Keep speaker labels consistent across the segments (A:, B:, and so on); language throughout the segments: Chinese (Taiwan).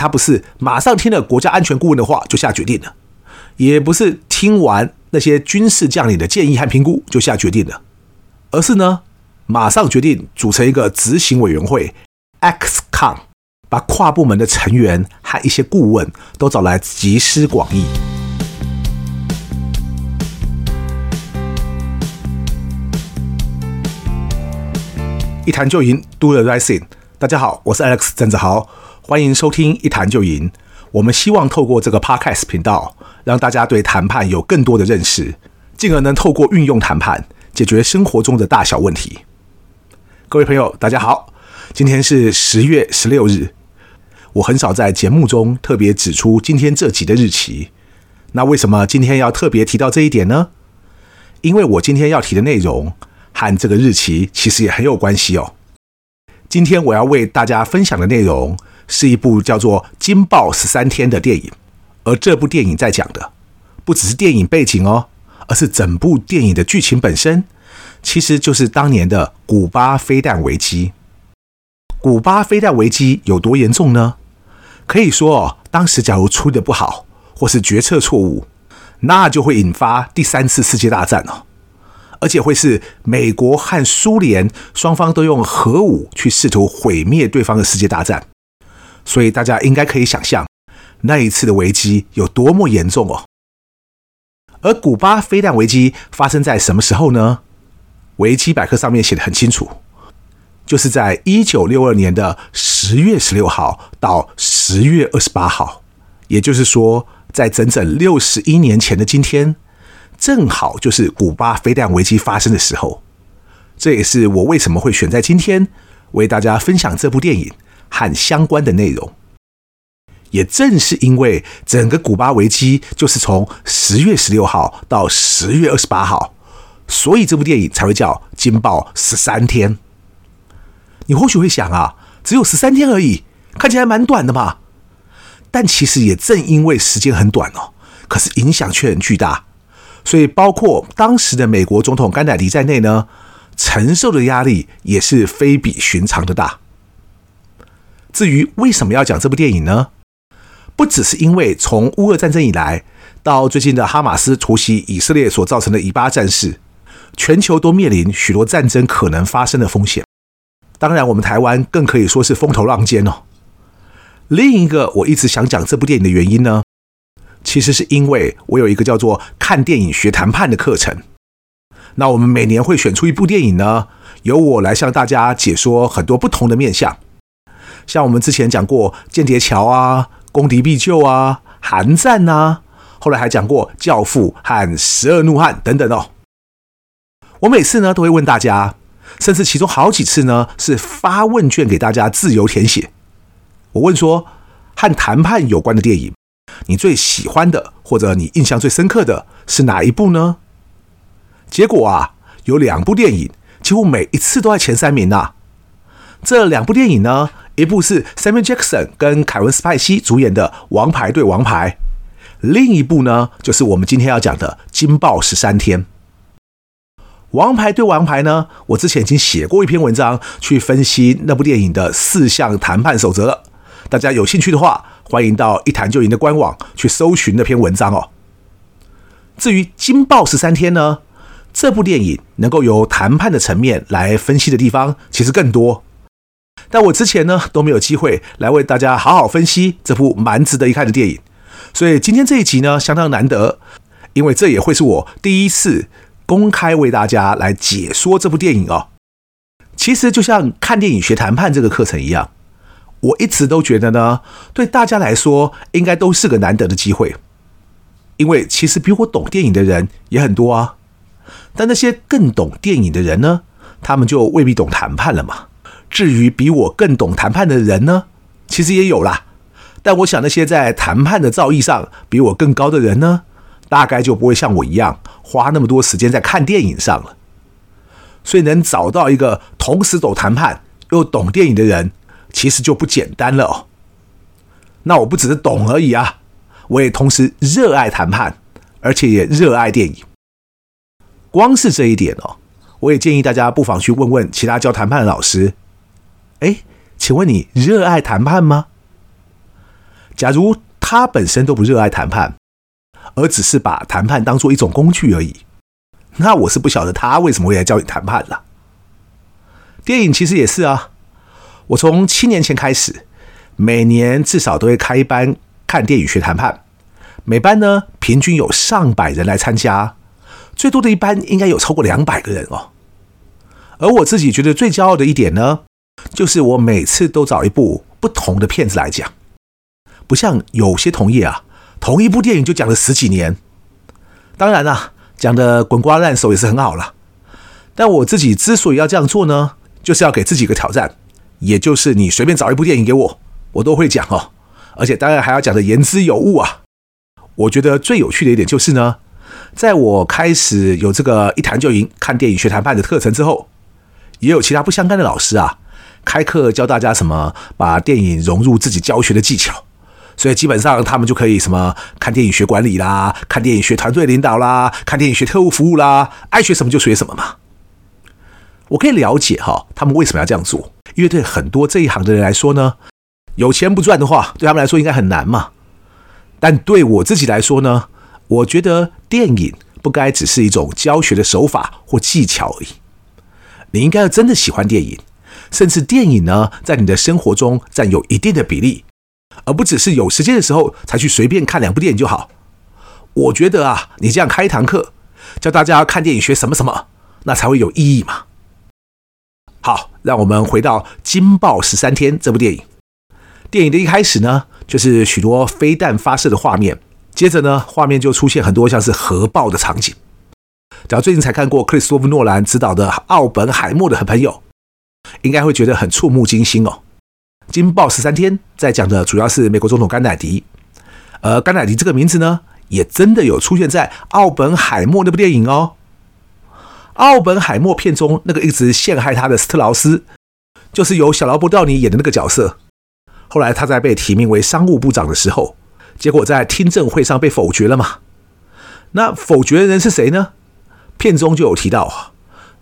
A: 他不是馬上聽了國家安全顧問的話就下決定的，也不是聽完那些軍事將領的建議和評估就下決定的，而是呢，馬上決定組成一個執行委員會 XCOM，把跨部門的成員和一些顧問都找來集思廣益。一談就贏，Do the right thing。大家好，我是 Alex 鄭志豪。歡迎收聽《一談就贏》，我們希望透過這個 podcast 頻道，讓大家對談判有更多的認識，進而能透過運用談判解決生活中的大小問題。各位朋友，大家好，今天是十月十六日。我很少在節目中特別指出今天這集的日期，那為什麼今天要特別提到這一點呢？因為我今天要提的內容和這個日期其實也很有關係哦。今天我要為大家分享的內容，是一部叫做《驚爆十三天》的電影，而這部電影在講的不只是電影背景哦，而是整部電影的劇情本身，其實就是當年的古巴飛彈危機。古巴飛彈危機有多嚴重呢？可以說哦，當時假如處理得不好或是決策錯誤，那就會引發第三次世界大戰哦，而且會是美國和蘇聯雙方都用核武去試圖毀滅對方的世界大戰。所以大家應該可以想象，那一次的危機有多麼嚴重哦。而古巴飛彈危機發生在什麼時候呢？維基百科上面寫的很清楚，就是在一九六二年的十月十六號到十月二十八號，也就是說，在整整六十一年前的今天，正好就是古巴飛彈危機發生的時候。這也是我為什麼會選在今天為大家分享這部電影。和相關的內容，也正是因為整個古巴危機就是從十月十六號到十月二十八號，所以這部電影才會叫《驚爆十三天》。你或許會想啊，只有十三天而已，看起來蠻短的嘛。但其實也正因為時間很短哦，可是影響卻很巨大，所以包括當時的美國總統甘乃迪在內呢，承受的壓力也是非比尋常的大。至於為什麼要講這部電影呢？不只是因為從烏俄戰爭以來，到最近的哈馬斯突襲以色列所造成的以巴戰事，全球都面臨許多戰爭可能發生的風險。當然，我們台灣更可以說是風頭浪尖哦。另一個我一直想講這部電影的原因呢，其實是因為我有一個叫做“看電影學談判”的課程。那我們每年會選出一部電影呢，由我來向大家解說很多不同的面向。像我們之前講過《間諜橋》啊，《攻敵必救》啊，《寒戰》啊，後來還講過《教父》和《十二怒漢》等等哦。我每次呢都會問大家，甚至其中好幾次呢是發問卷給大家自由填寫。我問說和談判有關的電影，你最喜歡的或者你印象最深刻的是哪一部呢？結果啊，有兩部電影幾乎每一次都在前三名啊。這兩部電影呢？一部是 Samuel Jackson 跟凱文·斯派西主演的《王牌對王牌》，另一部呢就是我們今天要講的《驚爆十三天》。《王牌對王牌》呢，我之前已經寫過一篇文章去分析那部電影的四項談判守則了，大家有興趣的話，歡迎到一談就贏的官網去搜尋那篇文章哦。至於《驚爆十三天》呢，這部電影能夠由談判的層面來分析的地方，其實更多。但我之前呢都沒有機會來為大家好好分析這部蠻值得一看的電影，所以今天這一集呢相當難得，因為這也會是我第一次公開為大家來解說這部電影哦。其實就像看電影學談判這個課程一樣，我一直都覺得呢，對大家來說應該都是個難得的機會，因為其實比我懂電影的人也很多啊，但那些更懂電影的人呢，他們就未必懂談判了嘛。至於比我更懂談判的人呢，其實也有啦。但我想那些在談判的造詣上比我更高的人呢，大概就不會像我一樣花那麼多時間在看電影上了。所以能找到一個同時懂談判又懂電影的人，其實就不簡單了哦。那我不只是懂而已啊，我也同時熱愛談判，而且也熱愛電影。光是這一點哦，我也建議大家不妨去問問其他教談判的老師。哎，請問你熱愛談判嗎？假如他本身都不熱愛談判，而只是把談判當做一種工具而已，那我是不曉得他為什麼會來教你談判了。電影其實也是啊，我從七年前開始，每年至少都會開一班看電影學談判，每班呢平均有上百人來參加，最多的一班應該有超過兩百個人哦。而我自己覺得最驕傲的一點呢。就是我每次都找一部不同的片子來講，不像有些同業啊，同一部電影就講了十幾年。當然啦、啊，講的滾瓜爛熟也是很好了。但我自己之所以要這樣做呢，就是要給自己一個挑戰，也就是你隨便找一部電影給我，我都會講哦，而且當然還要講的言之有物啊。我覺得最有趣的一點就是呢，在我開始有這個一談就贏看電影學談判的課程之後，也有其他不相干的老師啊。開課教大家什麼，把電影融入自己教學的技巧，所以基本上他們就可以什麼看電影學管理啦，看電影學團隊領導啦，看電影學特務服務啦，愛學什麼就學什麼嘛。我可以了解哈，他們為什麼要這樣做？因為對很多這一行的人來說呢，有錢不賺的話，對他們來說應該很難嘛。但對我自己來說呢，我覺得電影不該只是一種教學的手法或技巧而已，你應該要真的喜歡電影。甚至電影呢，在你的生活中占有一定的比例，而不只是有時間的時候才去隨便看兩部電影就好。我覺得啊，你這樣開一堂課，教大家看電影學什麼什麼，那才會有意義嘛。好，讓我們回到《驚爆13天》這部電影。電影的一開始呢，就是許多飛彈發射的畫面，接着呢，畫面就出現很多像是核爆的場景。只要最近才看過克里斯托弗·諾蘭執導的《奧本海默》的很多朋友，應該會覺得很觸目驚心哦。《驚爆13天》在講的主要是美國總統甘乃迪，而甘乃迪這個名字呢，也真的有出現在《奧本海默》那部電影哦。《奧本海默》片中那個一直陷害他的斯特勞斯，就是由小勞勃道尼演的那個角色。後來他在被提名為商務部長的時候，結果在聽證會上被否決了嘛？那否決的人是誰呢？片中就有提到。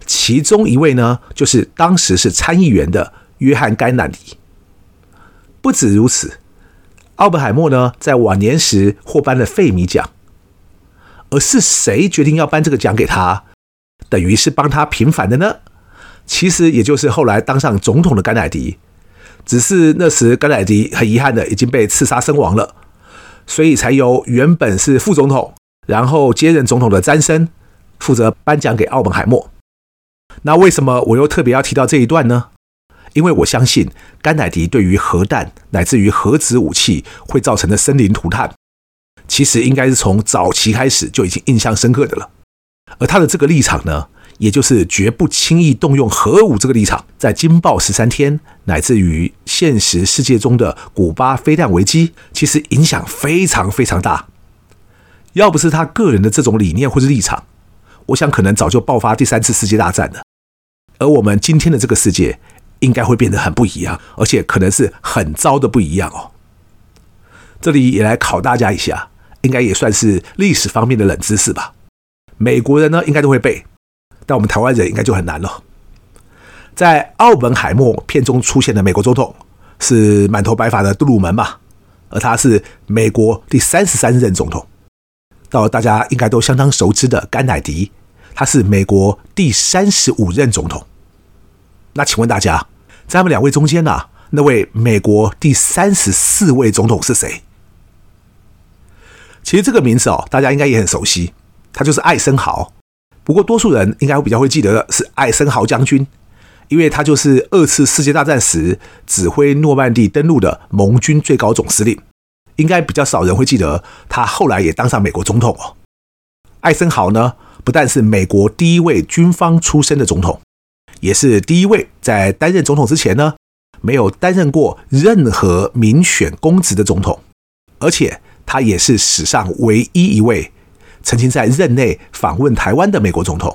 A: 其中一位呢，就是當時是參議員的約翰·甘乃迪。不止如此，奧本海默呢在晚年時獲頒了費米獎。而是誰決定要頒這個獎給他，等於是幫他平反的呢？其實也就是後來當上總統的甘乃迪，只是那時甘乃迪很遺憾的已經被刺殺身亡了，所以才由原本是副總統，然後接任總統的詹森負責頒獎給奧本海默。那為什麼我又特別要提到這一段呢？因為我相信，甘乃迪對於核彈乃至於核子武器會造成的生靈塗炭，其實應該是從早期開始就已經印象深刻的了。而他的這個立場呢，也就是絕不輕易動用核武這個立場，在驚爆13天乃至於現實世界中的古巴飛彈危機，其實影響非常非常大。要不是他個人的這種理念或是立場。我想，可能早就爆發第三次世界大戰了，而我們今天的這個世界應該會變得很不一樣，而且可能是很糟的不一樣哦。這裡也來考大家一下，應該也算是歷史方面的冷知識吧。美國人呢應該都會背，但我們台灣人應該就很難了。在《奧本海默》片中出現的美國總統是滿頭白髮的杜魯門嘛，而他是美國第三十三任總統，到大家應該都相當熟知的甘乃迪，他是美國第三十五任總統。那請問大家，在他們兩位中間呢、啊？那位美國第三十四位總統是誰？其實這個名字哦，大家應該也很熟悉，他就是艾森豪。不過多數人應該會比較會記得的是艾森豪將軍，因為他就是二次世界大戰時指揮諾曼底登陸的盟軍最高總司令。應該比較少人會記得他後來也當上美國總統哦。艾森豪呢？不但是美國第一位軍方出身的總統，也是第一位在擔任總統之前呢，沒有擔任過任何民選公職的總統，而且他也是史上唯一一位曾經在任內訪問台灣的美國總統。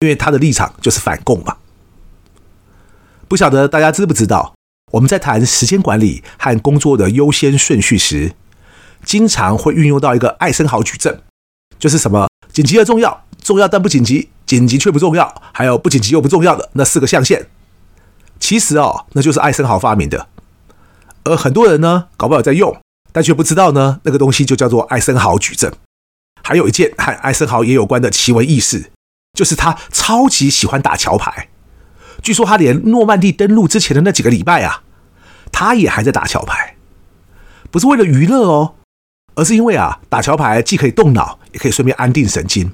A: 因為他的立場就是反共嘛。不曉得大家知不知道，我們在談時間管理和工作的優先順序時，經常會運用到一個艾森豪矩陣，就是什麼緊急而重要。重要但不緊急，緊急卻不重要，還有不緊急又不重要的那四個象限。其實哦，那就是艾森豪發明的，而很多人呢，搞不好在用，但卻不知道呢，那個東西就叫做艾森豪矩陣。還有一件和艾森豪也有關的奇聞異事，就是他超級喜歡打橋牌。據說他連諾曼底登陸之前的那幾個禮拜啊，他也還在打橋牌，不是為了娛樂哦，而是因為啊，打橋牌既可以動腦，也可以順便安定神經。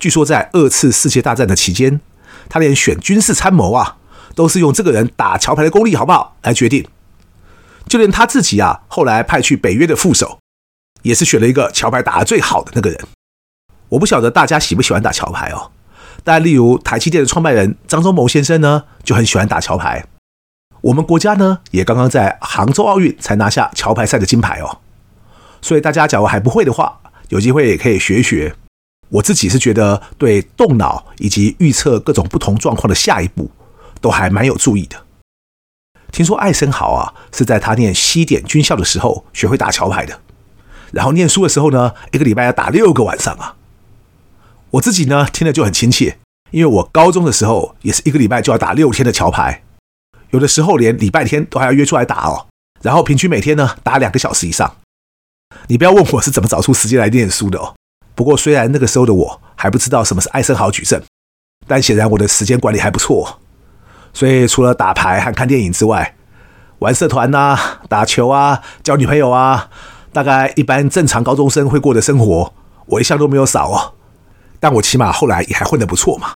A: 據說在二次世界大戰的期間，他連選軍事參謀啊，都是用這個人打橋牌的功力好不好來決定。就連他自己啊，後來派去北約的副手，也是選了一個橋牌打得最好的那個人。我不曉得大家喜不喜歡打橋牌哦。但例如台積電的創辦人張忠謀先生呢，就很喜歡打橋牌。我們國家呢，也剛剛在杭州奧運才拿下橋牌賽的金牌哦。所以大家假如還不會的話，有機會也可以學一學。我自己是覺得對動腦以及預測各種不同狀況的下一步都還蠻有助益的。聽說艾森豪啊是在他念西點軍校的時候學會打橋牌的，然後念書的時候呢，一個禮拜要打六個晚上啊。我自己呢聽了就很親切，因為我高中的時候也是一個禮拜就要打六天的橋牌，有的時候連禮拜天都還要約出來打哦。然後平均每天呢打兩個小時以上。你不要問我是怎麼找出時間來念書的哦。不過，雖然那個時候的我還不知道什麼是艾森豪矩陣，但顯然我的時間管理還不錯。所以，除了打牌和看電影之外，玩社團啊、打球啊、交女朋友啊，大概一般正常高中生會過的生活，我一向都沒有少哦。但我起碼後來也還混得不錯嘛。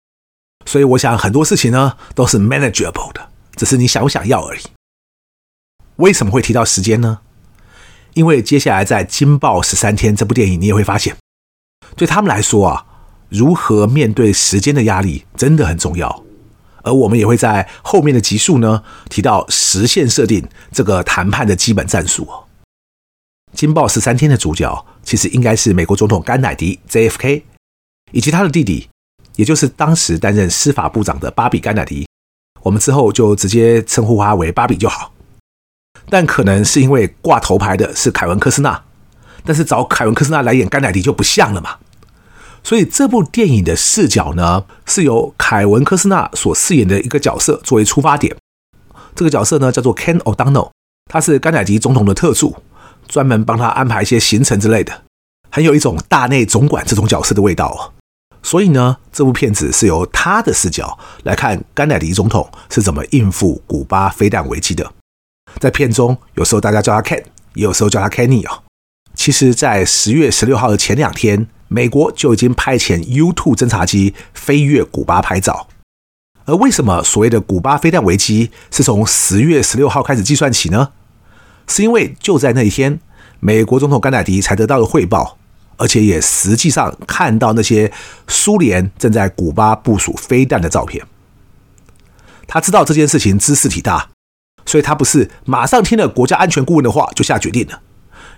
A: 所以，我想很多事情呢都是 manageable 的，只是你想不想要而已。為什麼會提到時間呢？因為接下來在《驚爆十三天》這部電影，你也會發現。對他們來說啊，如何面對時間的壓力真的很重要，而我們也會在後面的集數呢提到時限設定這個談判的基本戰術哦。《驚爆十三天》的主角其實應該是美國總統甘乃迪 （JFK） 以及他的弟弟，也就是當時擔任司法部長的巴比甘乃迪。我們之後就直接稱呼他為巴比就好。但可能是因為掛頭牌的是凱文科斯納。但是找凱文·科斯納來演甘乃迪就不像了嘛。所以這部電影的視角呢，是由凱文·科斯納所飾演的一個角色作為出發點。這個角色呢叫做 Ken O'Donnell，他是甘乃迪總統的特助，專門幫他安排一些行程之類的，很有一種大內總管這種角色的味道。所以呢，這部片子是由他的視角來看甘乃迪總統是怎麼應付古巴飛彈危機的。在片中，有時候大家叫他 Ken，也有時候叫他 Kenny 啊、哦。其實，在十月十六號的前兩天，美國就已經派遣 U-2 偵察機飛越古巴拍照。而為什麼所謂的“古巴飛彈危機”是從十月十六號開始計算起呢？是因為就在那一天，美國總統甘乃迪才得到了匯報，而且也實際上看到那些蘇聯正在古巴部署飛彈的照片。他知道這件事情茲事體大，所以他不是馬上聽了國家安全顧問的話就下決定了。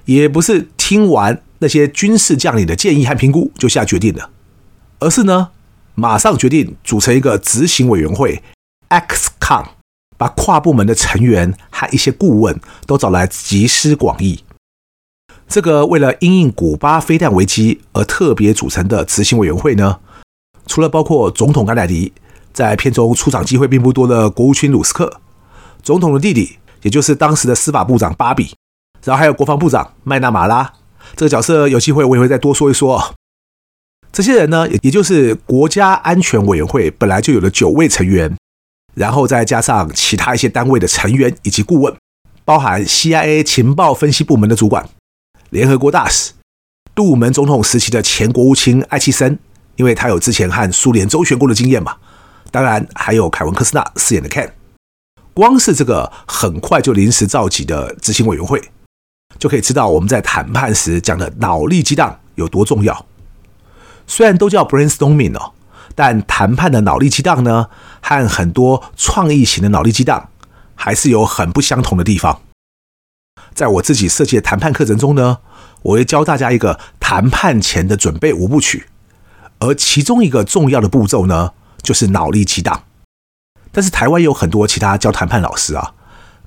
A: 也不是聽完那些軍事將領的建議和評估就下決定的，而是呢，馬上決定組成一個執行委員會 （XCOM），把跨部門的成員和一些顧問都找來集思廣益。這個為了因應古巴飛彈危機而特別組成的執行委員會呢，除了包括總統甘迺迪，在片中出場機會並不多的國務卿魯斯克，總統的弟弟，也就是當時的司法部長巴比。然後還有國防部長麥納馬拉這個角色，有機會我也會再多說一說哦。這些人呢，也就是國家安全委員會本來就有的九位成員，然後再加上其他一些單位的成員以及顧問，包含 CIA 情報分析部門的主管、聯合國大使、杜魯門總統時期的前國務卿艾奇森，因為他有之前和蘇聯周旋過的經驗嘛。當然還有凱文科斯納飾演的 Ken。光是這個很快就臨時召集的執行委員會。就可以知道我們在談判時講的腦力激盪有多重要。雖然都叫 brainstorming 哦，但談判的腦力激盪呢，和很多創意型的腦力激盪還是有很不相同的地方。在我自己設計的談判課程中呢，我會教大家一個談判前的準備五步曲，而其中一個重要的步驟呢，就是腦力激盪。但是台灣有很多其他教談判老師啊，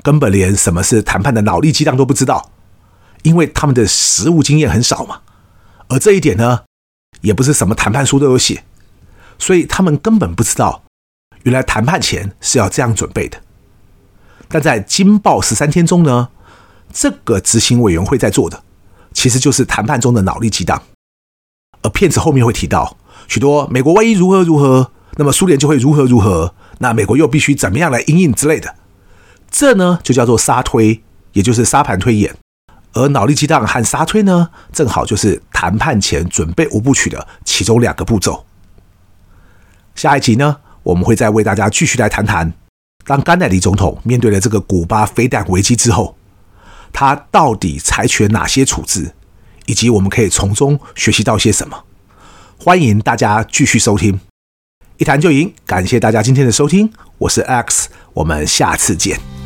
A: 根本連什麼是談判的腦力激盪都不知道。因為他們的實務經驗很少嘛，而這一點呢，也不是什麼談判書都有寫，所以他們根本不知道原來談判前是要這樣準備的。但在驚爆十三天中呢，這個執行委員會在做的其實就是談判中的腦力激盪。而片子後面會提到許多美國萬一如何如何，那麼蘇聯就會如何如何，那美國又必須怎麼樣來因應之類的，這呢就叫做沙推，也就是沙盤推演。而腦力激盪和沙推呢，正好就是談判前準備五部曲的其中兩個步驟。下一集呢，我們會再為大家繼續來談談，當甘迺迪總統面對了這個古巴飛彈危機之後，他到底採取了哪些處置，以及我們可以從中學習到些什麼？歡迎大家繼續收聽《一談就贏》，感謝大家今天的收聽，我是 X，我們下次見。